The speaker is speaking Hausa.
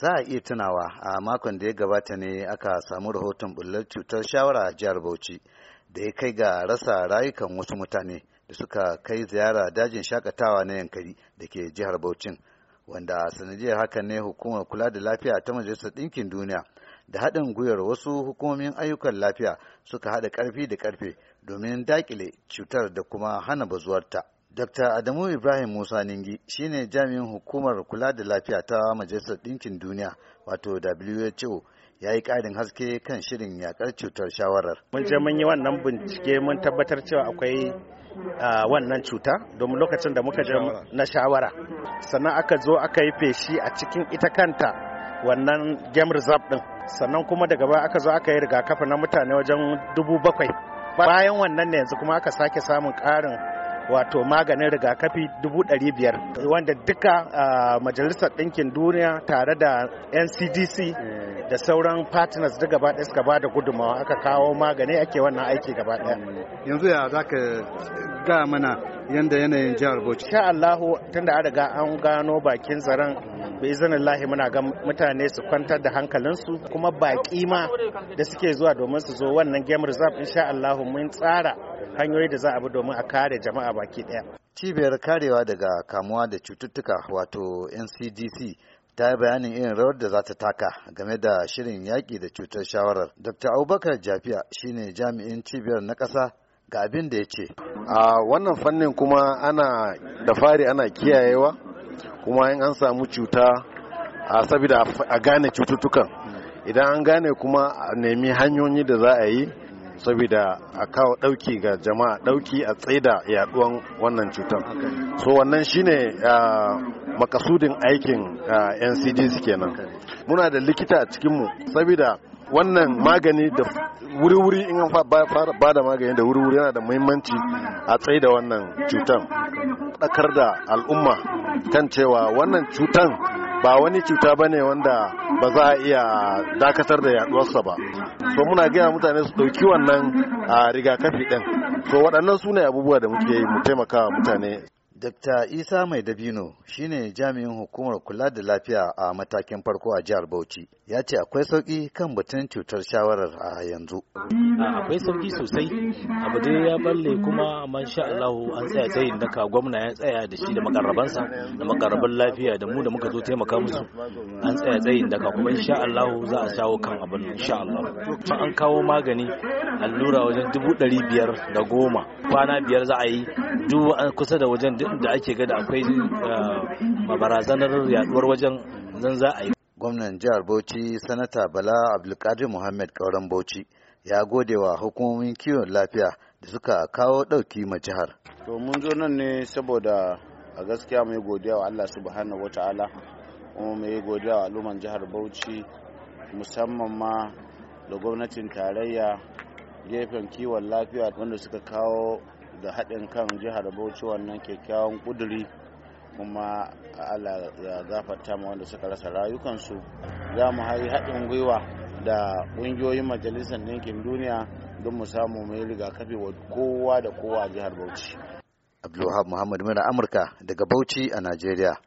za a iya tunawa a makon da ya gabata ne aka samu rahoton bullar cutar shawara a jihar bauchi da ya kai ga rasa rayukan wasu mutane da suka kai ziyara dajin shakatawa na yankari da ke jihar bauchin wanda sanadiyar hakan ne hukumar kula da lafiya ta majalisar ɗinkin duniya da haɗin gwiwar wasu hukumomin ayyukan lafiya suka haɗa ƙarfi da ƙarfe domin daƙile cutar da kuma hana bazuwarta. Dr. Adamu Ibrahim Musa Ningi shine jami'in hukumar kula da lafiya ta Majalisar Dinkin Duniya wato WHO ya yi ƙarin haske kan shirin yakar cutar shawarar. Mun je mun yi wannan bincike mun tabbatar cewa akwai wannan cuta domin lokacin da muka je na shawara. Sannan aka zo aka yi feshi a cikin ita kanta wannan game reserve din. Sannan kuma daga baya aka zo aka yi rigakafi na mutane wajen dubu bakwai. Bayan wannan ne yanzu kuma aka sake samun ƙarin wato maganin rigakafi dubu biyar wanda duka majalisar ɗinkin duniya tare da ncdc da sauran partners da gaba ɗaya suka ba da gudunmawa aka kawo magani ake wannan aiki gaba ɗaya yanzu ya za ka ga mana yanda yanayin jihar bauchi sha allahu tunda an riga an gano bakin zaren bai lahi muna ga mutane su kwantar da hankalinsu kuma baƙi ma da suke zuwa domin su zo wannan gemar reserve insha Allah mun tsara hanyoyi da za a bi domin a kare jama'a baki ɗaya. Cibiyar karewa daga kamuwa da cututtuka wato NCDC ta yi bayanin irin rawar da za ta taka game da shirin yaƙi da cutar shawarar. Dr. Abubakar Jafiya shine jami'in cibiyar na ƙasa ga abin da ya ce. A wannan fannin kuma ana da fari ana kiyayewa kuma in an samu cuta a sabida a gane cututtukan idan an gane kuma a nemi hanyoyi da za a yi sabida a kawo ɗauki ga jama'a ɗauki a tsaida yaduwan wannan cutar so wannan shine makasudin aikin suke kenan muna da likita a cikinmu sabida wannan magani da wuri-wuri in an ba da magani da wuri-wuri yana da muhimmanci a tsaye da wannan cutan ɗakar da al'umma kan cewa wannan cutan ba wani cuta ba ne wanda ba za a iya dakatar da yaduwarsa ba so muna gaya mutane su ɗauki wannan a rigakafi ɗin so waɗannan su ne abubuwa da muke yi mu taimaka mutane Dr. Isa Mai Dabino ne jami'in hukumar kula da lafiya a matakin farko a jihar Bauchi. Ya ce akwai sauki kan batun cutar shawarar a yanzu. Akwai sauki sosai, abu dai ya balle kuma man sha Allah an tsaya tsayin daka gwamna ya tsaya da shi da makarabansa da makaraban lafiya da mu da muka zo taimaka musu. An tsaya tsayin daka kuma insha Allah za a shawo kan abin insha Allah. an kawo magani allura wajen dubu ɗari biyar da goma kwana biyar za a yi duk kusa da wajen da ake gada akwai mabarazanar ah, yaduwar wajen nan za a yi gwamnan jihar bauchi sanata bala abdulkadir muhammad kauran bauchi ya gode wa hukumomin kiwon lafiya da suka kawo ɗauki ma jihar to mun zo nan ne saboda a gaskiya mai godiya wa allah subhanahu wata'ala kuma mai godiya wa al'umman jihar bauchi musamman ma da gwamnatin tarayya gefen kiwon lafiya wanda suka kawo da haɗin kan jihar bauchi wannan kyakkyawan ƙuduri kuma allah ya gafarta ma wanda suka rasa rayukansu za mu hayi haɗin gwiwa da ƙungiyoyin majalisar ɗinkin duniya don mu samu mai rigakafi wa kowa da kowa a jihar bauchi abdulwahab muhammad mura amurka daga bauchi a najeriya